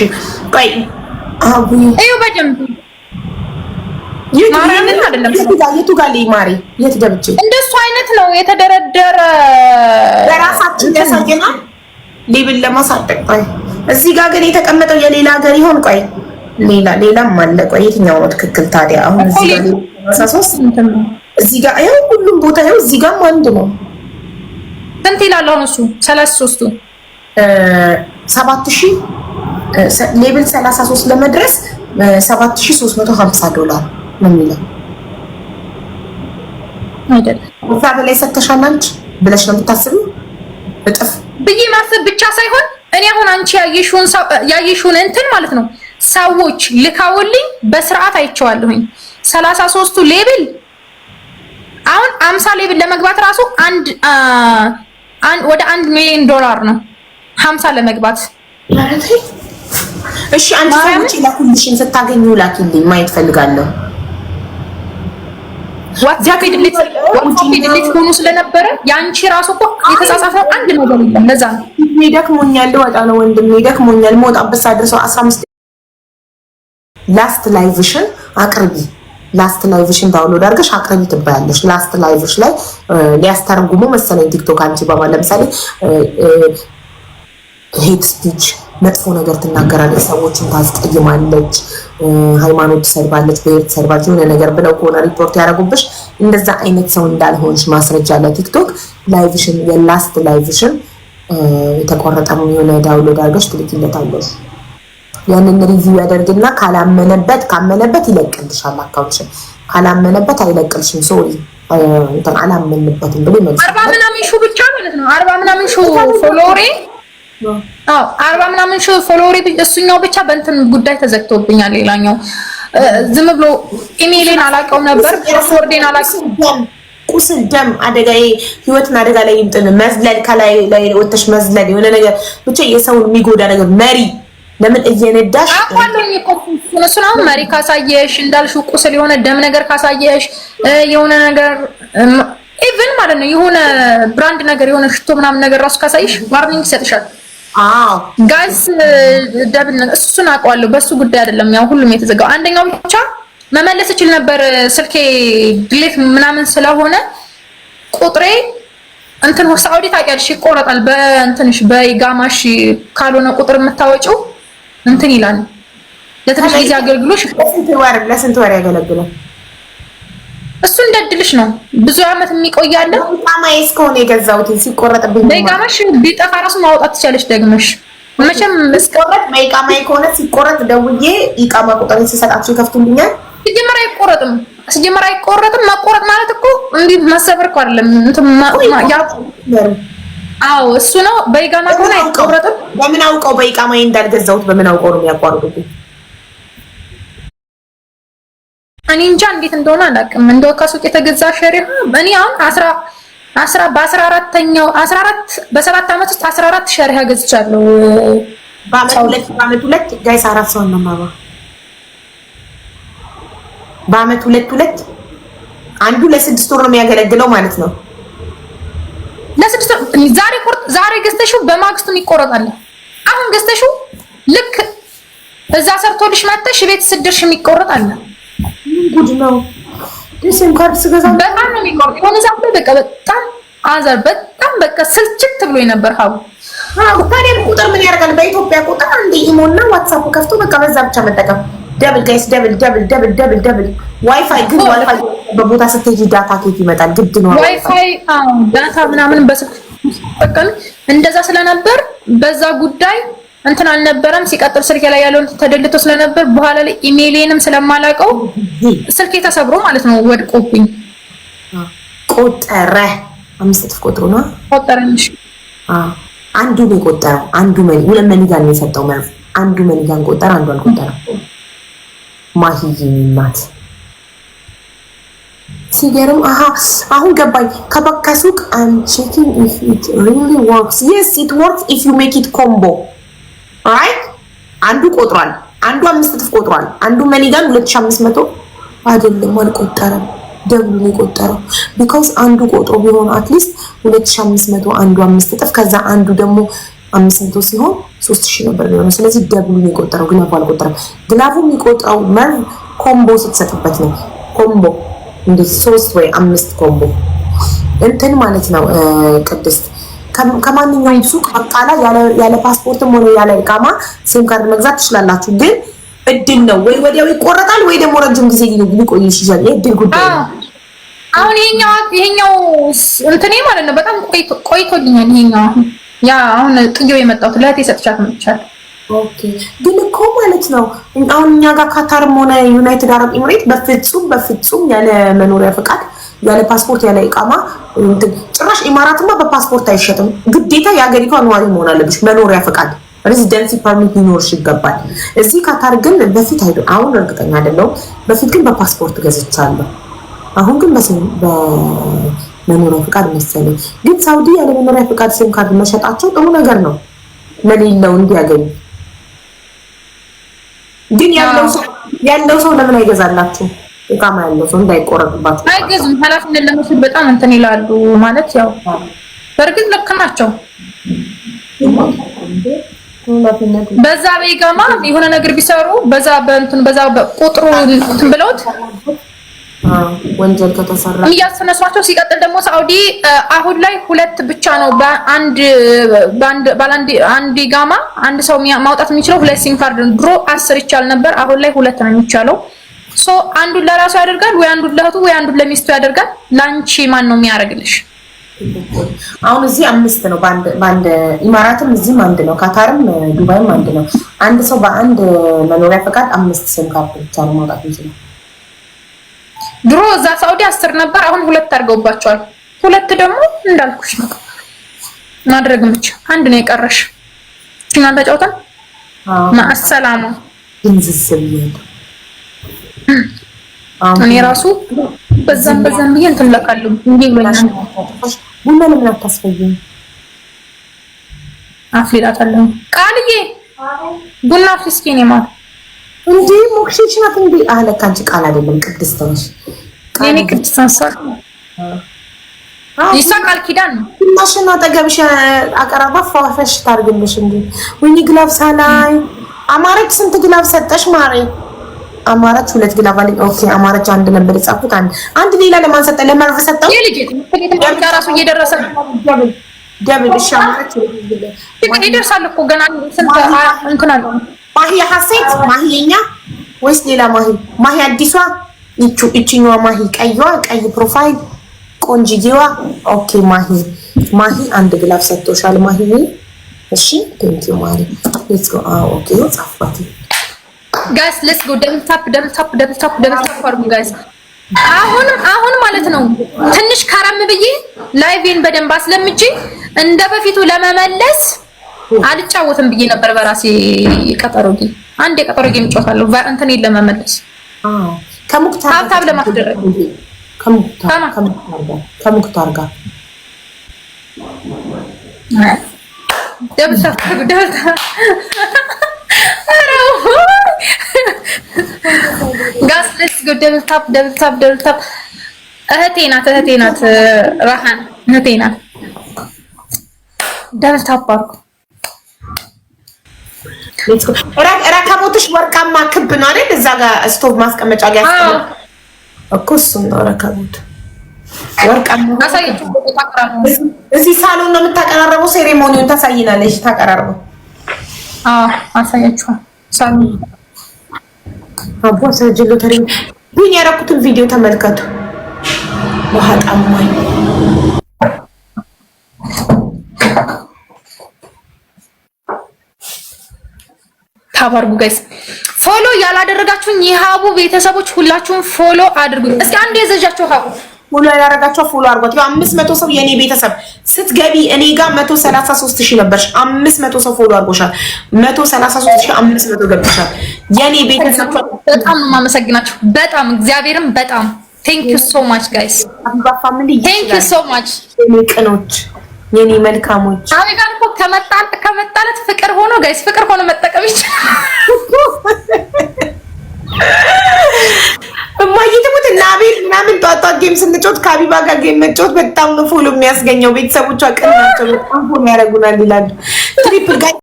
እንደሱ አይነት ነው የተደረደረ። ለራሳችን ያሳየና ሌብን ለማሳጠቅ ቆይ፣ እዚህ ጋር ግን የተቀመጠው የሌላ ሀገር ይሆን? ቆይ ሌላ ሌላም አለ። ቆይ የትኛው ነው ትክክል ታዲያ? አሁን እዚህ ጋር ይኸው ሁሉም ቦታ ይኸው እዚህ ጋርም አንድ ነው። ስንት ይላል አሁን እሱ ሰላሳ ሦስቱ ሰባት ሺህ ሌብል 33 ለመድረስ 7350 ዶላር ነው የሚለው አይደለም። እዛ በላይ ሰጥተሻል አንቺ ብለሽ ነው የምታስቢው። እጥፍ ብዬ ማሰብ ብቻ ሳይሆን እኔ አሁን አንቺ ያየሽውን እንትን ማለት ነው ሰዎች ልካውልኝ በስርዓት አይቼዋለሁኝ። 33ቱ ሌብል አሁን 50 ሌብል ለመግባት ራሱ አንድ ወደ አንድ ሚሊዮን ዶላር ነው 50 ለመግባት እሺ አንቺ ሰዎች ላኩልሽን ስታገኙ ላኪልኝ ማየት ፈልጋለሁ። ዋትስአፕ ድሌት ዋትስአፕ ድሌት ሆኖ ስለነበረ የአንቺ ራሱ እኮ የተሳሳተው አንድ ነገር የለም። ለዛ ነው ይደክሞኛል፣ ልወጣ ነው ወንድሜ፣ ይደክሞኛል። ሞት አብሳ ድርሰው 15 ላስት ላይቭሽን አቅርቢ ላስት ላይቭሽን ዳውንሎድ አድርገሽ አቅርቢ ትባያለሽ። ላስት ላይቭሽ ላይ ሊያስተርጉሙ መሰለኝ ቲክቶክ አንቺ ባባ ለምሳሌ ሄት ስፒች መጥፎ ነገር ትናገራለች፣ ሰዎችን ታስቀይማለች፣ ሃይማኖት ትሰድባለች፣ ብሄር ትሰድባለች፣ የሆነ ነገር ብለው ከሆነ ሪፖርት ያደረጉብሽ እንደዛ አይነት ሰው እንዳልሆንሽ ማስረጃ ለቲክቶክ ላይቭሽን የላስት ላይቭሽን የተቆረጠ የሆነ ዳውንሎድ አድርገሽ ትልኪለታለሽ። ያንን ሪቪው ያደርግና ካላመነበት ካመነበት ይለቅልሻል አካውንትሽን ካላመነበት አይለቅልሽም። ሶሪ አላመንበትም ብሎ ይመልሳል። አርባ ምናምን ሹ ብቻ ማለት ነው። አርባ ምናምን ሹ ፎሎሬ አዎ አርባ ምናምን ሺህ ፎሎወር እሱኛው ብቻ በእንትን ጉዳይ ተዘግቶብኛል። ሌላኛው ዝም ብሎ ኢሜይልን አላውቀውም ነበር፣ ፓስወርዴን አላውቀውም። ቁስል ደም አደጋ ህይወትን አደጋ ላይ ይምጥን መዝለል ከላይ ላይ ወተሽ መዝለል የሆነ ነገር ብቻ የሰውን የሚጎዳ ነገር መሪ ለምን እየነዳሽ እሱን አሁን መሪ ካሳየሽ እንዳልሽው ቁስል የሆነ ደም ነገር ካሳየሽ የሆነ ነገር ኢቭን ማለት ነው የሆነ ብራንድ ነገር የሆነ ሽቶ ምናምን ነገር ራሱ ካሳይሽ ዋርኒንግ ይሰጥሻል። ጋዝ ደብል እሱን አውቀዋለሁ። በእሱ ጉዳይ አይደለም ያው ሁሉም የተዘጋው። አንደኛው ብቻ መመለስ እችል ነበር ስልኬ ድሌት ምናምን ስለሆነ ቁጥሬ እንትን ሳውዲ ታውቂያለሽ፣ ይቆረጣል በእንትንሽ በይጋማሽ ካልሆነ ቁጥር የምታወጪው እንትን ይላል። ለትንሽ ጊዜ አገልግሎሽ ለስንት ወር ያገለግላል? እሱ እንደ ነው። ብዙ አመት የሚቆያለ ማማዬ እስከሆነ የገዛሁት ሲቆረጥብኝ ደጋማሽ ቢጠፋ ራሱ ማውጣት ትቻለሽ ደግመሽ መቼም እስቆረጥ በይቃማዬ ከሆነ ሲቆረጥ ደውዬ ይቃማ ቁጥር ሲሰጣቸው ይከፍቱልኛል። ሲጀመር አይቆረጥም ሲጀመር አይቆረጥም። መቆረጥ ማለት እኮ እንዲህ መሰበር እኮ አይደለም። አዎ እሱ ነው። በይቃማ ከሆነ አይቆረጥም። በምን አውቀው በይቃማ እንዳልገዛሁት በምን አውቀው ነው የሚያቋርጡብኝ? እኔ እንጃ እንዴት እንደሆነ አላውቅም። እንደው ከሱቅ የተገዛ ሸሪሃ እኔ አሁን 10 በ14ኛው 14 በሰባት ዓመት ውስጥ 14 ሸሪሃ ገዝቻለሁ። በዓመት ሁለት ጋይስ አራት ሰው ሁለት ሁለት አንዱ ለስድስት ወር ነው የሚያገለግለው ማለት ነው። ለስድስት ዛሬ ቁርጥ ዛሬ ገዝተሽው በማግስቱም ይቆረጣል። አሁን ገዝተሽው ልክ እዛ ሰርቶልሽ መጥተሽ ቤት ስድርሽ የሚቆረጥ አለ። ጉድ ነው። ሲም ካርድ ስገዛ በጣም ነው የሚቆርጥ። የሆነ ሰዓት ላይ በቃ በጣም አዘር በጣም በቃ ስልችት ብሎ ነበር። ሀቡ ታዲያ ቁጥር ምን ያደርጋል? በኢትዮጵያ ቁጥር አንድ ኢሞና ዋትሳፕ ከፍቶ በቃ በዛ ብቻ መጠቀም። ደብል ጋይስ ደብል ደብል ደብል ደብል ደብል ዋይፋይ ግን ዋይፋይ በቦታ ስትሄጂ ዳታ ኬት ይመጣል። ግድ ነው ዋይፋይ ዳታ ምናምን በስልክ በቃ እንደዛ ስለነበር በዛ ጉዳይ እንትን አልነበረም። ሲቀጥል ስልክ ላይ ያለውን ተደልቶ ስለነበር በኋላ ላይ ኢሜይሌንም ስለማላውቀው ስልክ ተሰብሮ ማለት ነው ወድቆብኝ። ቆጠረ አምስት እጥፍ ቁጥሩ ነው ቆጠረንሽ። አንዱ ነው የቆጠረው፣ አንዱ መኒ ሁለት መኒጋን ነው የሰጠው መርፍ። አንዱ መኒጋን ቆጠረ፣ አንዱ አልቆጠረም። ማሂዬ ናት። ሲገርም አሀ አሁን ገባኝ። ከበከሱቅ አም ቼኪንግ ኢፍ ኢት ሪሊ ወርክስ የስ ኢት ወርክስ ኢፍ ዩ ሜክ ኢት ኮምቦ ራይት አንዱ ቆጥሯል፣ አንዱ አምስት እጥፍ ቆጥሯል። አንዱ መኒጋን 2500 አይደለም አልቆጠረም፣ ደብሉን የቆጠረው ቢካውስ አንዱ ቆጥሮ ቢሆን አትሊስት 2500 አንዱ አምስት እጥፍ ከዛ አንዱ ደግሞ አምስት መቶ ሲሆን ሶስት ሺህ ነበር የሚሆነው። ስለዚህ ደብሉ የቆጠረው ግላቡ አልቆጠረም። ግላቡ የሚቆጥረው መርቭ ኮምቦ ስትሰጥበት ነው። ኮምቦ እንደ ሶስት ወይ አምስት ኮምቦ እንትን ማለት ነው ቅድስት ከማንኛውም ሱቅ አቃላ ያለ ፓስፖርትም ሆነ ያለ እቃማ ሲም ካርድ መግዛት ትችላላችሁ። ግን እድል ነው ወይ ወዲያው ይቆረጣል ወይ ደግሞ ረጅም ጊዜ ሊቆይ ይችላል። የእድል ጉዳይ ነው። አሁን ይሄኛው ይሄኛው እንትኔ ማለት ነው በጣም ቆይቶልኛል። ይሄኛው አሁን ያ አሁን ጥዬው የመጣሁት ለእህቴ ሰጥቻት ነው ይቻል ግን እኮ ማለት ነው አሁን እኛ ጋር ካታርም ሆነ ዩናይትድ አረብ ኤምሬት በፍጹም በፍጹም ያለ መኖሪያ ፈቃድ ያለ ፓስፖርት ያለ እቃማ ጭራሽ ኢማራትማ በፓስፖርት አይሸጥም። ግዴታ የአገሪቷ ነዋሪ መሆን አለብሽ። መኖሪያ ፈቃድ ሬዚደንሲ ፐርሚት ሊኖርሽ ይገባል። እዚህ ካታር ግን በፊት አይደ አሁን እርግጠኛ አይደለሁም። በፊት ግን በፓስፖርት ገዝቻለሁ። አሁን ግን በመኖሪያ ፈቃድ መሰለኝ። ግን ሳውዲ ያለ መኖሪያ ፈቃድ ሲም ካርድ መሸጣቸው ጥሩ ነገር ነው። ለሌለው እንዲያገኙ ግን ያለው ሰው ለምን አይገዛላችሁ? እቃማ ያለው ሰው እንዳይቆረጥባት አይገዙም። ኃላፊነት ለመውሰድ በጣም እንትን ይላሉ ማለት ያው በእርግጥ ልክ ናቸው። በዛ በኢቃማ የሆነ ነገር ቢሰሩ በዛ በእንትን በዛ በቁጥሩ እንትን ብለውት ወንጀል ከተሰራ እያስነሷቸው። ሲቀጥል ደግሞ ሳውዲ አሁን ላይ ሁለት ብቻ ነው በአንድ በአንድ ባላንድ አንድ ኢቃማ አንድ ሰው ማውጣት የሚችለው ሁለት ሲም ካርድ። ድሮ አስር ይቻል ነበር፣ አሁን ላይ ሁለት ነው የሚቻለው። ሶ አንዱን ለራሱ ያደርጋል ወይ አንዱን ለእህቱ ወይ አንዱን ለሚስቱ ያደርጋል። ላንቺ ማን ነው የሚያደርግልሽ? አሁን እዚህ አምስት ነው በአንድ ኢማራትም እዚህም አንድ ነው፣ ካታርም ዱባይም አንድ ነው። አንድ ሰው በአንድ መኖሪያ ፈቃድ አምስት ሲም ካርድ ብቻ ነው ማውጣት ይችላል። ድሮ እዛ ሳውዲ አስር ነበር፣ አሁን ሁለት አድርገውባቸዋል። ሁለት ደግሞ እንዳልኩሽ ነው ማድረግ ብቻ። አንድ ነው የቀረሽ። እናንተ ጫውተን ማሰላሙ እኔ ራሱ በዛም በዛም ብዬ እንትን እላካለሁ እንዴ ብለሽ ቡና ለምን አታስፈይም? አፍሊላታለሁ ቃልዬ ቡና አፍስኪ ነው ማለት እንዴ ሞክሽሽ ናት እንዴ አለ ካንቺ ቃል አይደለም ቅድስት ነሽ። እኔ ቅድስት አንሳል ይሳ ቃል ኪዳን ነው። ማሽና አጠገብሽ አቀራባ ፏፈሽ ታርግልሽ እንዴ ወይኔ ግላብ ሳላይ አማረች። ስንት ግላብ ሰጠሽ ማሬ አማራጭ ሁለት ግን አባለኝ ኦኬ፣ አማራጭ አንድ ነበር የጻፉት። አንድ አንድ ሌላ ለማን ሰጠ? ለመርቭ ሰጠው። ይሄ ልጅ ራሱ ወይስ ሌላ ማሂ? ማሂ አዲሷ ይቹ እቺኛዋ ማሂ ቀይዋ፣ ቀይ ፕሮፋይል ቆንጅጌዋ ኦኬ ማሂ ማሂ አንድ ግላፍ ሰጥቶሻል ማሂ። እሺ ቴንኪው ማሂ። ሌትስ ጎ ኦኬ ጻፋት ጋይስ ሌትስ ጎ ደብል ታፕ ደብል ታፕ ደብል ታፕ ደብል ታፕ አድርጉ ጋይስ። አሁን አሁን ማለት ነው ትንሽ ከረም ብዬ ላይቬን በደንብ አስለምቼ እንደ በፊቱ ለመመለስ አልጫወትም ብዬ ነበር በራሴ ቀጠሮ ጌም አንድ የቀጠሮ ጌም እጫወታለሁ እንትን ለመመለስ ሀብታብ ለማስደረግ ከሙክታር ጋር ደብል ታፕ ደብል ታፕ ጋስ ሌትስ ጎ ደብል ታፕ ደብል ታፕ ደብል ታፕ። እህቴ ናት እህቴ ናት ራሃን እህቴ ናት። ደብል ታፕ አድርጉ። ረከቦትሽ ወርቃማ ክብ ነው አይደል? እዛ ጋር ስቶቭ ማስቀመጫ ጋር ያስቀመጥ እኮ እሱን ነው ረከቦት እዚህ ሳሎን ነው የምታቀራረበው። ሴሬሞኒውን ታሳይናለሽ። ታቀራርበው አሳያችኋል ሳሎን አቦ አስረጅ ሎተሪ ግን ያደረኩትን ቪዲዮ ተመልከቱ። ውሃ ጣሟኝ። ታባርጉ ጋይስ ፎሎ ያላደረጋችሁኝ የሀቡ ቤተሰቦች ሁላችሁም ፎሎ አድርጉኝ። እስኪ አንድ የዘዣቸው ሀቡ ፎሎ ያላረጋቸው ፎሎ አድርጓት። ይኸው አምስት መቶ ሰው የኔ ቤተሰብ ስትገቢ እኔ ጋር መቶ ሰላሳ ሶስት ሺህ ነበርሽ። አምስት መቶ ሰው ፎሎ አርጎሻል። መቶ ሰላሳ ሶስት ሺህ አምስት መቶ ገብሻል። ቤተሰብ በጣም ነው የማመሰግናቸው። በጣም እግዚአብሔርም በጣም ቴንክ ዩ ሶ ማች ጋይስ፣ ቴንክ ዩ ሶ ማች የኔ ቅኖች፣ የኔ መልካሞች። ጋር እኮ ከመጣለት ፍቅር ሆኖ ጋይስ፣ ፍቅር ሆኖ መጠቀም ይችላል። እማዬ ደግሞ እና ቤት ምናምን ጧጧ ጌም ስንጮት ከአቢባ ጋር ጌም በጣም ነው ፎሎ የሚያስገኘው። ቤተሰቦቿ ቅን ናቸው፣ በጣም ፎሎ ያደርጉናል ይላሉ